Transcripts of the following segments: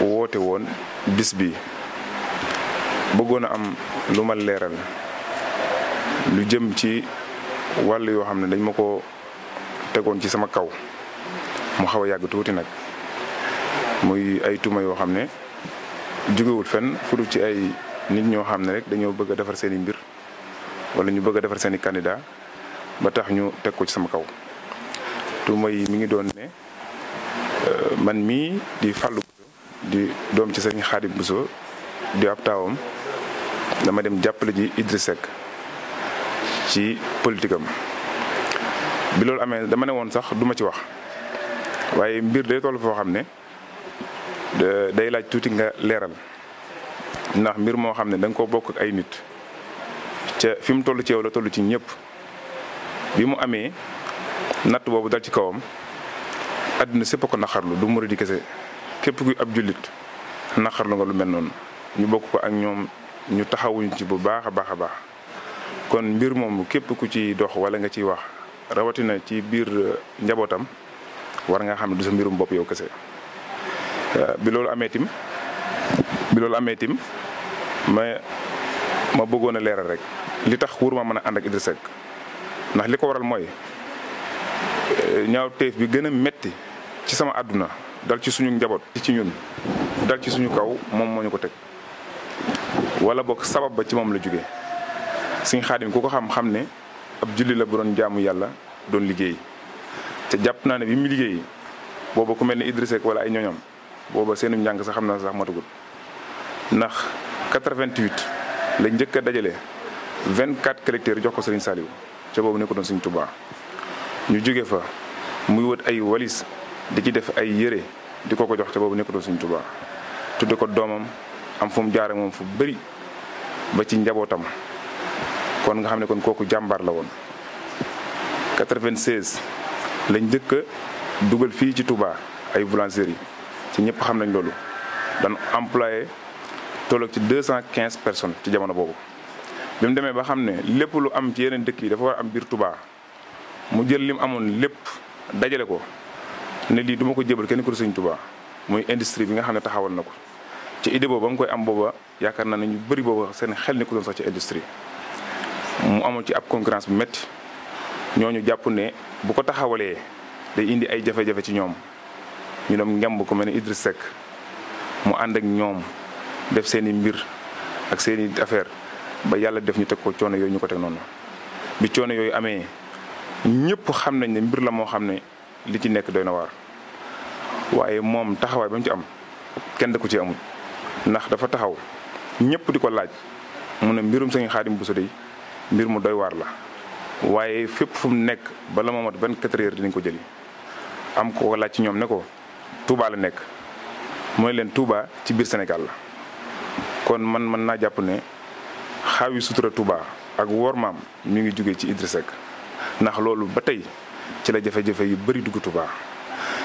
woote woon bis bi bëggoon a am lu ma leeral lu jëm ci wàll yoo xam ne dañ ma ko tegoon ci sama kaw mu xaw a yàgg tuuti nag muy ay tuma yoo xam ne jógewul fenn fudul ci ay nit ñoo xam ne rek dañoo bëgg a defar seeni mbir wala ñu bëgg a defar seeni candidat ba tax ñu teg ko ci sama kaw tuuma yi mi ngi doon ne euh, man mii di fàllu di doom ci sëriñ Xaadim Bousso di ab taawam dama dem jàppale ji Idriss Seck ci politique am bi loolu amee dama ne woon sax duma ci wax waaye mbir day toll foo xam ne day laaj tuuti nga leeral ndax mbir moo xam ne danga ko bokk ay nit ca fi mu toll ci yow la toll ci ñëpp bi mu amee natt boobu dal ci kawam àdduna sépp ko naqarlu du di kese képp kuy ab jullit naqarlu nga lu mel noonu ñu bokk ko ak ñoom ñu taxawuñ ci bu baax a baax a baax kon mbir moomu képp ku ci dox wala nga ciy wax rawatina ci biir eh, njabootam war nga xam ne du sa mbirum bopp yow kese eh, bi loolu amee tim bi loolu amee tim ma ma bëggoon a leeral rek li tax wóor ma mën a ànd ak ndax li ko waral mooy eh, ñaaw teef bi gën a metti ci sama àdduna dal ci suñu njaboot ci ñun dal ci suñu kaw moom moo ñu ko teg wala bokk sabab ba ci moom la jóge suñ xaadim ku ko xam xam ne ab julli la bu doon jaamu yàlla doon liggéey te jàpp naa ne bi mu liggéey booba ku mel ne Idrissa Seck wala ay ñoñom booba seenu njàng sax xam na sax matagul ndax 88 la njëkk a dajale 24 collecteurs jox ko Serigne Saliou ca boobu ne ko doon Serigne Touba ñu jóge fa muy wët ay walis di ci def ay yére di ko ko jox te boobu nekkatoo Sëriñ Tuubaa tudde ko doomam am fu mu jaare moom fu bëri ba ci njabootam kon nga xam ne kon kooku jàmbaar la woon 96 lañ njëkk a dugal fii ci Touba ay boulangerie ci ñëpp xam nañ loolu dan employé tolloog ci 215 personnes ci jamono boobu bi demee ba xam ne lépp lu am ci yeneen dëkk yi dafa war am biir Touba mu jël lim amoon lépp dajale ko ne lii duma ko jébal kenn ku Sëriñ Tuubaa muy industrie bi nga xam ne taxawal na ko ci idée boobu ba mu koy am booba yaakaar na ne ñu bëri booba seen xel ni ku doon sax ci industrie mu amoon ci ab concurrence bu métti ñooñu jàpp ne bu ko taxawalee day indi ay jafe-jafe ci ñoom ñu dem ngemb ko mel ne Idriss Seck mu ànd ak ñoom def seeni mbir ak seen i affaire ba yàlla def ñu teg ko coono yooyu ñu ko teg noonu bi coono yooyu amee ñëpp xam nañ ne mbir la moo xam ne. li ci nekk doy na waar waaye moom taxawaay ba mu ci am kenn da ko ci amul ndax dafa taxaw ñëpp di ko laaj mu ne mbirum sëñ Xaadim Bousso dey mbir mu doy waar la waaye fépp fu nekk bala ma mat 24 heures dinañ ko jëli am ko ko laaj ci ñoom ne ko Touba la nekk mooy leen Touba ci biir Sénégal la kon man mën naa jàpp ne xaawi sutura Touba ak maam mi ngi jóge ci Idrissa Seck ndax loolu ba tey ci la jafe-jafe yu bëri dugg Touba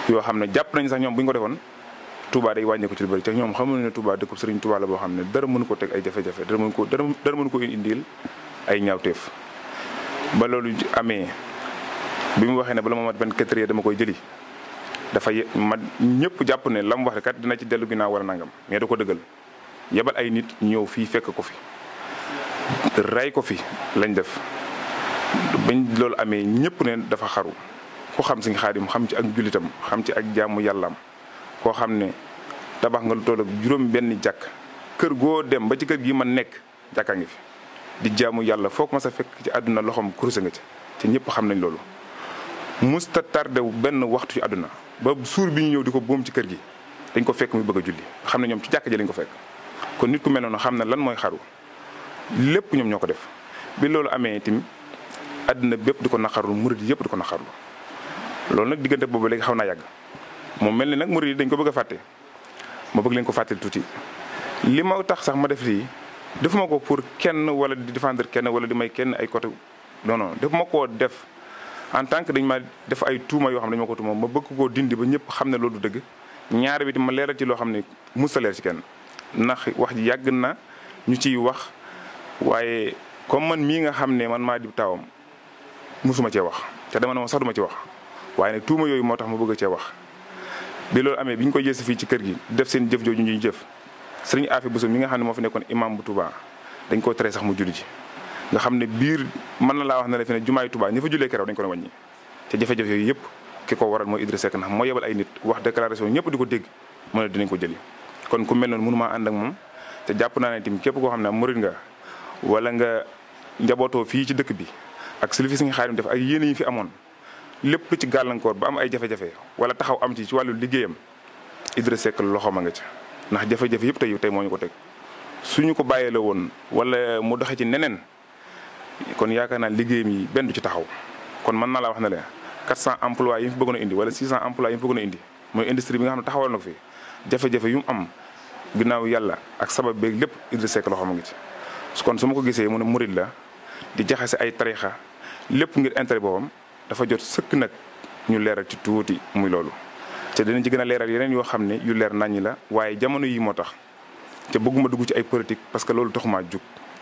yoo xam ne jàpp nañ sax ñoom bu ñu ko defoon Touba day wàññeeku ci lu bëri te ñoom xamuñu ne Touba dëkkub Serigne Touba la boo xam ne dara mënu ko teg ay jafe-jafe dara mënu ko dara mënu ko indil ay ñaawteef ba loolu amee bi mu waxee ne bala ma mat 24 heures dama koy jëli dafa ma ñëpp jàpp ne la mu wax kat dina ci dellu ginnaaw wala nangam mais da ko dëggal yebal ay nit ñëw fii fekk ko fi rey ko fi lañ def. bañ loolu amee ñëpp ne dafa xaru ku xam Sëñ Xaadim xam ci ak jullitam xam ci ak jaamu yàllaam koo xam ne tabax nga lu toll juróom benn jàkk kër goo dem ba ci kër gi ma nekk jàkka ngi fi di jaamu yàlla foog ma sa fekk ci àdduna loxoom kuruse nga ci te ñëpp xam nañ loolu musta tardé wu benn waxtu ci àdduna ba suur bi ñu ñëw di ko boom ci kër gi dañ ko fekk muy bëgg a julli xam ne ñoom ci jàkk ji lañ ko fekk kon nit ku mel noonu xam ne lan mooy xaru lépp ñoom ñoo ko def bi loolu amee tamit àddina bépp di ko naqarlu murid yëpp di ko naqarlu loolu nag diggante boobu léegi xaw naa yàgg moom mel ni nag murid yi dañ ko bëgg a fàtte ma bëgg leen ko fàttali tuuti li ma tax sax ma def lii defuma ko pour kenn wala di défendre kenn wala di may kenn ay côté non non defuma ko def en tant que dañ ma def ay tuuma yoo xam ne dañ ma ko tuuma ma koo dindi ba ñëpp xam ne loolu du dëgg ñaar bi di ma leeral ci loo xam ne musta leer ci kenn ndax wax ji yàgg na ñu ci wax waaye comme man mii nga xam ne man maa di taawam musuma cee wax te dama ne woon sax duma ci wax waaye nag tuuma yooyu moo tax ma bëgg cee wax bi loolu amee bi ñu ko jël si fii ci kër gi def seen jëf jooju ñu jëf sëriñ bu Bousso mi nga xam ne moo fi nekkoon imam bu tubaa dañ koo tere sax mu julli ji nga xam ne biir mën na laa wax ne la fi ne jumaay tubaa ñi fa jullee keroog dañ ko ne wàññi te jafe-jafe yooyu yëpp ki ko waral mooy Idrissa Seck na moo yebal ay nit wax déclaration ñëpp di ko dégg mu ne dinañ ko jëli kon ku mel noonu mënumaa ànd ak moom te jàpp naa ne tamit képp koo xam ne murid nga wala nga njabootoo fii ci dëkk bi ak si li fi suñu xaadim def ak yéen yi fi amoon lépp lu ci gàllankoor ba am ay jafe-jafe wala taxaw am ci ci wàllu liggéeyam Idrissa Seck loxo ma nga ca ndax jafe-jafe yëpp tey tey moo ñu ko teg suñu ko bàyyee la woon wala mu doxe ci neneen kon yaakaar naa liggéeyam yi benn du ci taxaw kon mën naa laa wax ne leen 400 emplois yi mu fi bëggoon a indi wala 600 emplois yi mu fi indi mooy industrie bi nga xam ne taxawal na fi jafe-jafe yu mu am ginnaaw yàlla ak sabab beeg lépp Idrissa Seck loxo ma nga ci kon su ma ko gisee mu ne murid la di jaxase ay tarixa lépp ngir intérêt boobam dafa jot sëkk nag ñu leeral ci tuuti muy loolu. te dinañ ci gën a leeral yeneen yoo xam ne yu leer naññi la waaye jamono yi moo tax te bëgguma dugg ci ay politique parce que loolu taxumaa jug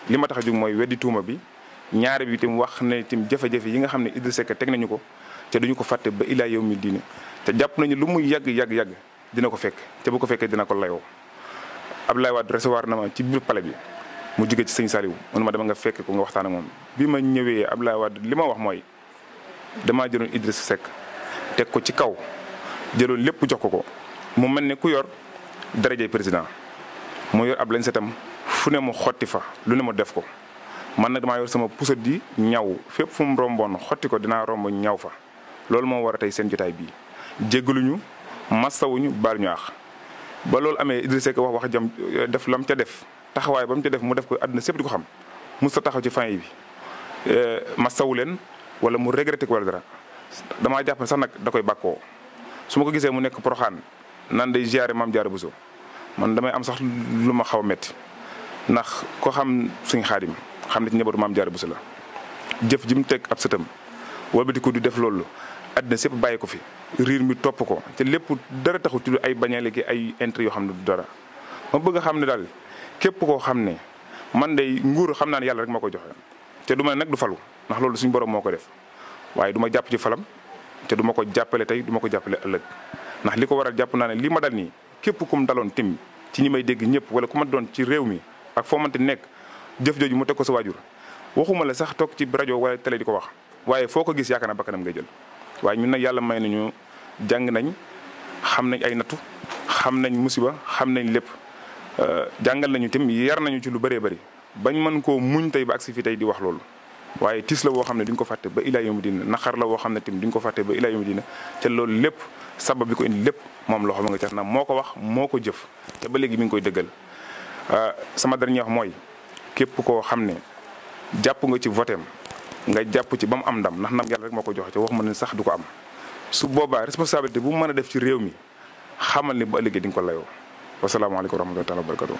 li ma tax a jug mooy weddi bi ñaare bi itam wax ne itam jafe-jafe yi nga xam ne Idrissa Seck teg nañu ko te duñu ko fàtte ba ilaa yow mi diine te jàpp nañu lu muy yàgg yàgg yàgg dina ko fekk te bu ko fekkee dina ko layoo Abdoulaye Wade recevoir na ma ci biir bi mu jóge ci sëñ Saliou mun ma dama nga fekk ko nga waxtaan ak moom bi ma ñëwee Abdoulaye Wade li ma wax mooy damaa jëloon Idriss Seck teg ko ci kaw jëloon lépp jox ko ko mu mel ne ku yor daraje président mu yor ab lañ setam fu ne mu xotti fa lu ne mu def ko man nag damaa yor sama pusa di ñaw fépp fu mu romboon xotti ko dinaa romb ñaw fa loolu moo war a tey seen jotaay bii jéggaluñu massawuñu baal ñu aax ba loolu amee Idriss Seck wax wax jam def lam ca def taxawaay ba mu ci def mu def ko àdduna sépp di ko xam mos ta taxaw ci fin bi eh, ma sawu leen wala mu regretté ko wala dara damaa jàpp ne sax nag da koy bàkkoo su ma ko gisee mu nekk Porokhane nan day ziare maam Diarra Bousso man damay am sax lu ma xaw a ndax ko xam suñu xaadim xam ne ci njabootu maam Diarra Bousso la jëf ji mu teg ab sëtam walbatiku di def loolu àddina sépp bàyyi ko fi riir mi topp ko te lépp dara taxul ci lu ay bañale ki ay intérêt yoo xam ne du dara ma bëgg xam ne daal képp koo xam ne man de nguur xam naa ne yàlla rek ma ko joxe te du ma ne nag du falu ndax loolu suñu borom moo ko def waaye duma jàpp ci falam te duma ko jàppale tey duma ko jàppale ëllëg ndax li ko waral jàpp naa ne li ma dal nii képp kum daloon tim ci ñi may dégg ñëpp wala ku ma doon ci réew mi ak foo te nekk jëf jooju mu te ko sa waajur waxuma la sax toog ci rajo wala télé di ko wax waaye foo ko gis yaakaar naa bakkanam nga jël waaye ñun na yàlla may nañu jàng nañ xam nañ ay nattu xam nañ musiba xam nañ lépp Euh, jàngal nañu tim yar nañu ci lu bëree bëri bañ mën koo muñ tey ba agsi fi tey di wax loolu waaye tiis la woo xam ne duñ ko fàtte ba ilaa yomu dina naqar la xam ne tim ko fàtte ba ilaa yomu dina ca loolu lépp sabab bi ko indi lépp moom loxo ma nga ca na moo ko wax moo ko jëf te ba léegi mi ngi koy dëggal euh, sama dernier mooy képp koo xam ne jàpp nga ci votem nga jàpp ci ba mu am ndam ndax ndam yàlla rek moo ko joxe ci wax ma ne sax du ko am su boobaa responsabilité bu mu mën a def ci réew mi xamal ne bu ëllëgee di ko layoo wasalaamaaleykum wa rahmatulah wa barakatu